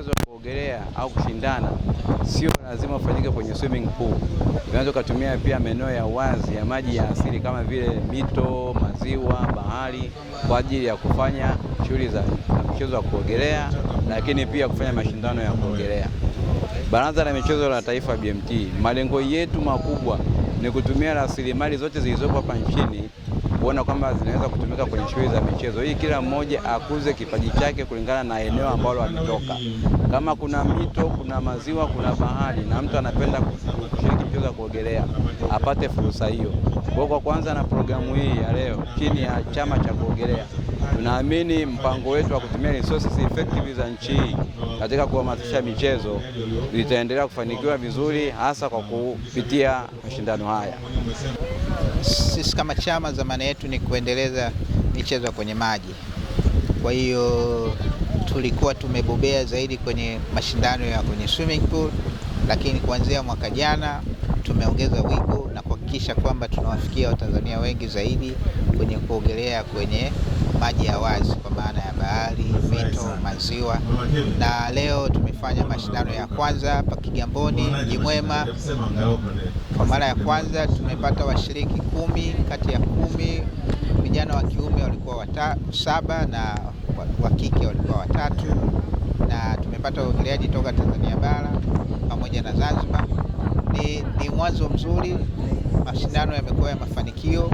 Mchezo wa kuogelea au kushindana sio lazima ufanyike kwenye swimming pool. Unaweza ukatumia pia maeneo ya wazi ya maji ya asili kama vile mito, maziwa, bahari kwa ajili ya kufanya shughuli za mchezo wa kuogelea, lakini pia kufanya mashindano ya kuogelea. Baraza la Michezo la Taifa BMT, malengo yetu makubwa ni kutumia rasilimali zote zilizopo hapa nchini kuona kwamba zinaweza kutumika kwenye shughuli za michezo hii. Kila mmoja akuze kipaji chake kulingana na eneo ambalo ametoka. Kama kuna mito, kuna maziwa, kuna bahari na mtu anapenda kushiriki mchezo wa kuogelea, apate fursa hiyo. Kwa kwa kwanza na programu hii ya leo chini ya chama cha kuogelea Naamini mpango wetu wa kutumia resources effective za nchi hii katika kuhamasisha michezo itaendelea kufanikiwa vizuri, hasa kwa kupitia mashindano haya. Sisi kama chama, zamani yetu ni kuendeleza michezo kwenye maji. Kwa hiyo tulikuwa tumebobea zaidi kwenye mashindano ya kwenye swimming pool, lakini kuanzia mwaka jana tumeongeza wigo na kuhakikisha kwamba tunawafikia Watanzania wengi zaidi kwenye kuogelea kwenye maji ya wazi kwa maana ya bahari, mito, maziwa. Na leo tumefanya mashindano ya kwanza pa Kigamboni Jimwema. Kwa mara ya kwanza tumepata washiriki kumi, kati ya kumi vijana wa kiume walikuwa wata, saba na wa kike walikuwa watatu, na tumepata waogeleaji toka Tanzania bara pamoja na Zanzibar ni, ni mwanzo mzuri. Mashindano yamekuwa ya mafanikio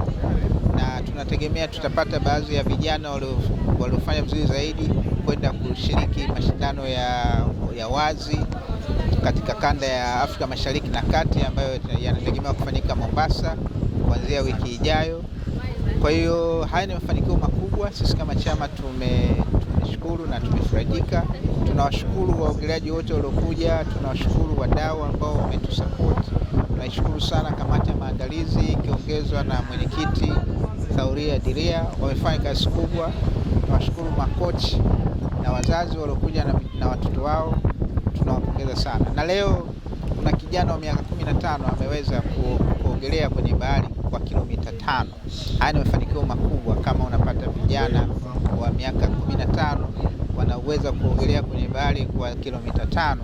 na tunategemea tutapata baadhi ya vijana waliofanya vizuri zaidi kwenda kushiriki mashindano ya, ya wazi katika kanda ya Afrika Mashariki na Kati ambayo yanategemewa kufanyika Mombasa kuanzia wiki ijayo. Kwa hiyo haya ni mafanikio makubwa. Sisi kama chama tume tunashukuru na tumefaidika. Tunawashukuru waogeleaji wote waliokuja, tunawashukuru wadau ambao wametusapoti. Naishukuru sana kamati ya maandalizi ikiongezwa na mwenyekiti Thauria Diria, wamefanya kazi kubwa. Tunawashukuru makochi na wazazi waliokuja na, na watoto wao tunawapongeza sana. Na leo kuna kijana wa miaka kumi na tano ameweza kuogelea kwenye bahari kwa kilomita tano. Haya ni mafanikio makubwa, kama unapata vijana wa miaka kumi na tano wana uwezo kuogelea kwenye bahari kwa kilomita tano,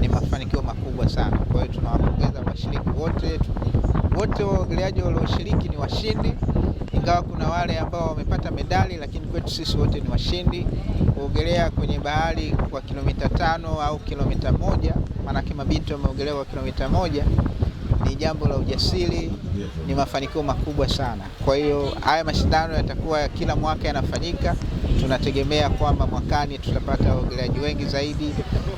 ni mafanikio makubwa sana. Kwa hiyo tunawapongeza washiriki wote wote waogeleaji walioshiriki ni washindi, ingawa kuna wale ambao wamepata medali, lakini kwetu sisi wote ni washindi. Kuogelea kwenye bahari kwa kilomita tano au kilomita moja, maanake mabinti wameogelea kwa kilomita moja ni jambo la ujasiri, ni mafanikio makubwa sana. Kwa hiyo haya mashindano yatakuwa kila mwaka yanafanyika. Tunategemea kwamba mwakani tutapata waogeleaji wengi zaidi.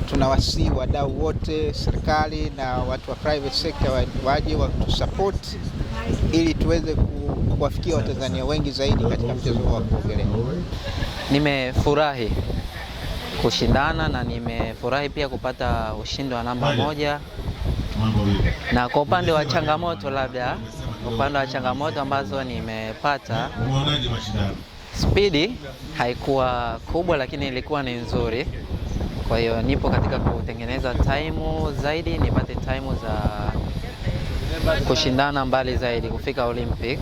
tunawasii wadau wote, serikali na watu wa private sector, waje watusapoti ili tuweze kuwafikia Watanzania wengi zaidi katika mchezo wa kuogelea. Nimefurahi kushindana na nimefurahi pia kupata ushindi wa namba moja. Na kwa upande wa changamoto, labda upande wa changamoto ambazo nimepata, spidi haikuwa kubwa, lakini ilikuwa ni nzuri. Kwa hiyo nipo katika kutengeneza taimu zaidi, nipate taimu za kushindana mbali zaidi, kufika Olympic.